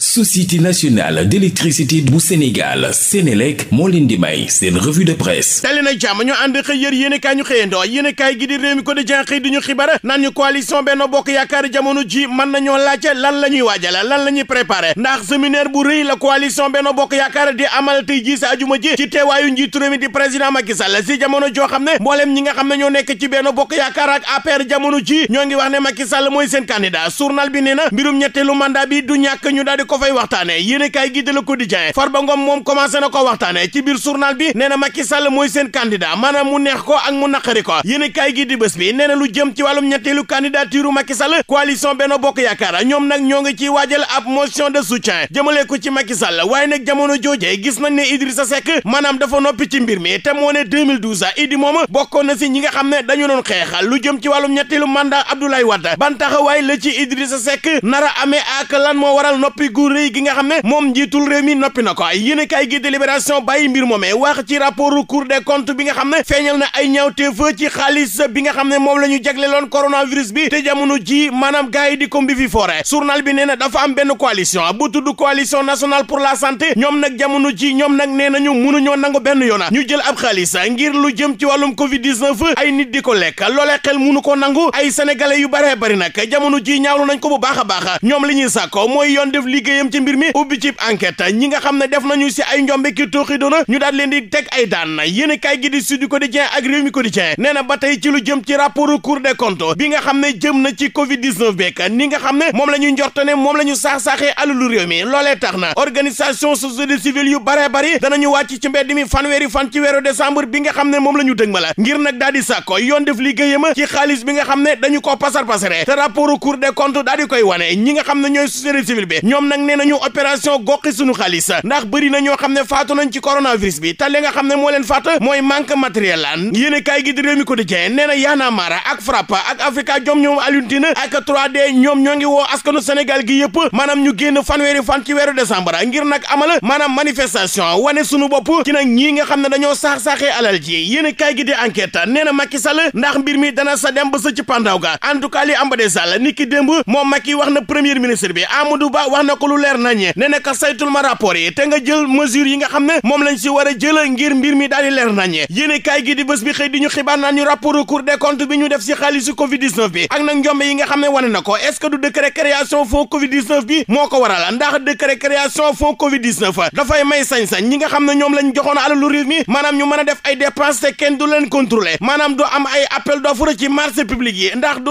société nationale d'électricité bu Sénégal Sénélec moo leen di may seen revue de presse tali na jàmm ñu ànd xëy yër yéen i ñu xëyandoo yéen i kaay gi di réew mi ko di jenxëy di ñu xibaar naan ñu coalition Benno Bokk Yaakaar jamono ji mën nañoo laajte lan la waajale lan la préparé ndax séminaire bu rëy la coalition Benno Bokk Yaakaar di amal tey ji sa ajuma ji ci teewaayu njiitu réew mi di président Macky Sall si jamono joo ko fay waxtaane yéenekaay gi de Le Quotidien Farba Ngom moom commencé na ko waxtaane ci biir journal bi nee na Macky Sall mooy seen candidat maanaam mu neex ko ak mu naqari ko yéenekaay gi di bés bi lu jëm ci wàllum ñetteelu candidature Macky Sall coalition Benno Bokk Yaakaar ñoom nag ñoo ngi ciy waajal ab motion de soutien jëmale ko ci Macky Sall nag jamono joojee gis nañ ne Idrissa Seck maanaam dafa noppi ci mbir mi te moo ne 2012 a Idi moom dañu doon gu rëy gi nga xam ne moom njiitul réew mi noppi na ko yéen kaay gi délibération bàyyi mbir moomee wax ci rapport cour des comptes bi nga xam ne feeñal na ay ñaawteef ci xaalis bi nga xam ne moom la ñu jagleeloon coronavirus bi te jamono ji maanaam gars yi di ko mbifi foore journal bi nee na dafa am benn coalition bu tudd coalition nationale pour la santé ñoom nag jamono ji ñoom nag nee nañu mënuñoo nangu benn yoon ñu jël ab xaalis ngir lu jëm ci wàllum covid 19 ay nit di ko lekk loolee xel mënu ko nangu ay sénégalais yu baree bari nag jamono ji ñaawlu nañ ko bu baax a baax liggéeyam ci mbir mi ubbi ci enquête ñi nga xam ne def nañu si ay njombe ki tooxi ñu daal leen di teg ay daan yéen kay gi di Sud Quotidien ak réew mi Quotidien nee na ba ci lu jëm ci rapport Cour des comptes bi nga xam ne jëm na ci covid 19 beek ni nga xam ne moom la ñu njorte ne moom la ñu saax-saaxee alalu réew mi loolee tax na organisation société civile yu bare bari danañu wàcc ci mbedd mi fanweeri fan ci weeru décembre bi nga xam ne moom la ñu dëg ma la ngir xam ne dañu ko pasar pasare te rapport Cour des nag nee nañu opération goqi suñu xaalisa ndax bëri na ñoo xam ne faatu nañ ci coronavirus bi te li nga xam ne moo leen faat mooy manque matériel la yéene kaay gi di réew mi ko di jee nee na yaana maara ak frappe ak africa jom ñoom aluntine d ñoom ñoo ngi woo askanu sénégal gi yëpp maanaam ñu génn fan fanweeri fan ci weeru décembre ngir nag amal maanaam manifestation wane suñu bopp ci na ñii nga xam ne dañoo saax-saaxee alal ji yéene kaay gi di enquête nee na Macky Sall ndax mbir mi dana sa dem sa ci pandaw en tout cas li amba de Sall ni ki démb moom Macky wax na premier ministre bi Amadou Ba ko lu leer nañ ne naka saytul ma rapport yi te nga jël mesure yi nga xam ne moom lañ si a jël ngir mbir mi daal leer nañ yéene kaay gi di bés xëy di ñu xibaar naan ñu rapport Cour des comptes bi ñu def si xaalisu covid 19 bi ak nag njombe yi nga xam ne wane na ko est ce que du décret création fonds covid 19 bi moo ko ndax décret création fonds covid 19 dafay may sañ-sañ ñi nga xam ne ñoom lañ ñu mën a def ay dépense te kenn yi ndax du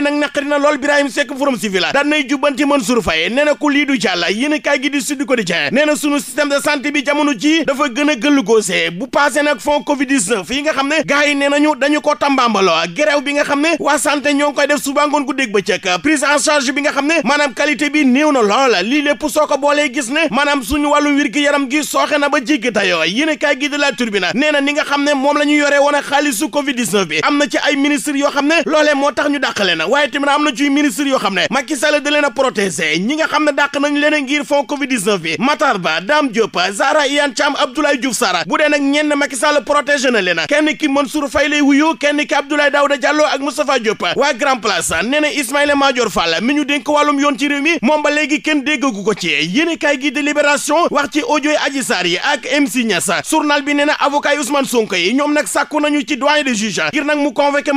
ne nag naqari na lool Birahim Seck Forum Civil daan nay jubbanti Mansour Faye nee na ko lii du jàll yéen nee na sunu système de santé bi jamono ji dafa gën a gëllugoosee bu passé nag fond Covid 19 yi nga xam ne gars yi nee nañu dañu ko tambaambaloo grève bi nga xam ne waa santé ñoo ngi koy def suba ngoon guddeeg bëccëg prise en charge bi nga xam ne maanaam qualité bi néew na lool lii lépp soo ko boolee gis ne maanaam suñu wàllu wér gi yaram gi sooxe na ba jéggi tayoo yéen kaay gi di La Tribune nee na ni nga xam ne moom la ñu yoree a xaalisu Covid bi am na ci ay ministre yoo xam ne loolee moo tax ñu dàqale na waaye tamit am na ciy ministre yoo xam ne Macky Sall da leen a protégé ñi nga xam ne dàq nañ leen ngir fond Covid 19 bi Matar Ba Dame Diop Zahra Iyane Thiam Abdoulaye Diouf Sarr bu dee nag ñenn Macky Sall protégé na leen kenn ki Mansour Faye lay wuyu kenn ki Abdoulaye Daouda Diallo ak Moustapha Diop waa Grand Place nee na Ismaïla Madior Fall mi ñu dénk wàllum yoon ci réew moom ba léegi kenn déggagu ko ci yéen kaay gi de Libération wax ci audio yi Adji Sarr yi ak MC Niass journal bi nee na avocat yi Ousmane yi ñoom nag sàkku nañu ci doyen de juge ngir nag mu convoqué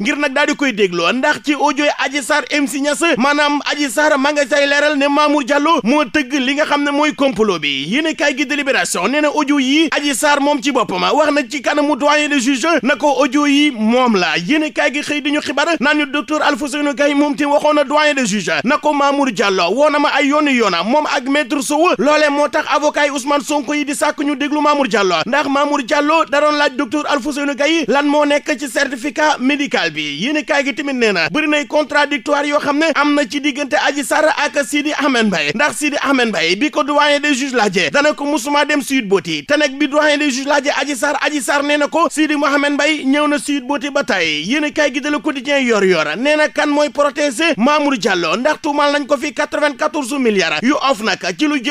ngir nag daal di koy dégloo ndax ci audio Adji sar MC Niass maanaam Adji Sarr ma nga say leeral ne Mamour Diallo moo tëgg li nga xam ne mooy complot bi yéen kay gi délibération nee na audio yi Adji sar moom ci boppam wax na ci kanamu doyen de juge na ko audio yi moom la yéen kay gi xëy di ñu xibaar naan ñu docteur Alfousseynou Gaye moom te waxoon na doyen de juge na ko Mamour jallo woo na ma ay yon yoona moom ak maître Sow loole moo tax avocat yi Ousmane Sonko yi di sàkk ñu déglu Mamour Diallo ndax Mamour Diallo da doon laaj docteur Alfousseynou Gaye lan moo nekk ci certificat médical bi yéen gi tamit nee na bëri nay contradictoire yoo xam ne am na ci diggante Adji Sarr ak Sidi Ahmed Mbaye ndax Sidi Ahmed Mbaye bi ko doyen des juges laajee dana ko musuma dem Sweet Beauty te bi doyen des juges laajee Adji Sarr Adji Sarr nee na ko Sidi Mohamed Mbaye ñëw na Sweet Beauty ba tey yéen a kaay gi de Le Quotidien yor yor nee kan mooy protéger Mamour Diallo ndax tuumal nañ ko fi 94 milliards yu OFNAC ci lu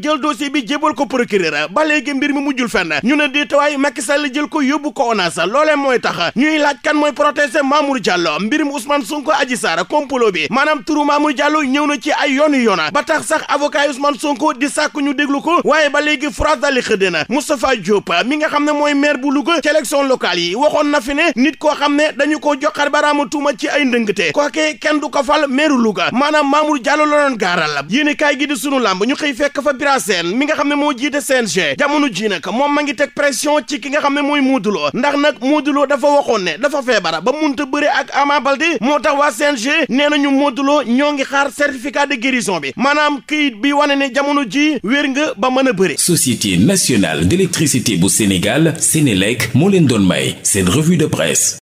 jël dossier bi jébal ko procureur ba léegi mbir mi mujjul fenn ñu ne déetawaay Macky Sall jël ko yóbbu ko ONAS loolee ñuy laaj kan mooy protester Mamour Diallo mbirum Ousmane Sonko Adji Sarr complot bi maanaam turu Mamour Diallo ñëw na ci ay yoonu yoona ba tax sax avocat yi Ousmane Sonko di sàkk ñu lu ko waaye ba léegi France dali xëdd na Moustapha Diop mi nga xam ne mooy maire bu Louga ci élection locale yi waxoon na fi ne nit koo xam ne dañu ko joxar baraamu tuuma ci ay te ko kenn du ko fal maire Louga maanaam Mamour Diallo la doon gaaral yéen kaay gi di sunu làmb ñu xëy fekk fa Bira Sène mi nga xam ne moo jiite CNG jamono ji nag moom ma ngi teg pression ci ki nga xam ne mooy Modou ndax nag Modou Lo dafa waxoon ne dafa feebara ba munta bëre ak Ama Baldé moo tax waa CNG nee nañu Modou Lo ñoo ngi xaar certificat de guérison bi maanaam këyit bi wane ne jamono jii wér nga ba mën a bëre Société nationale d'électricité bu Sénégal Sénélec moo leen doon may seen revue de presse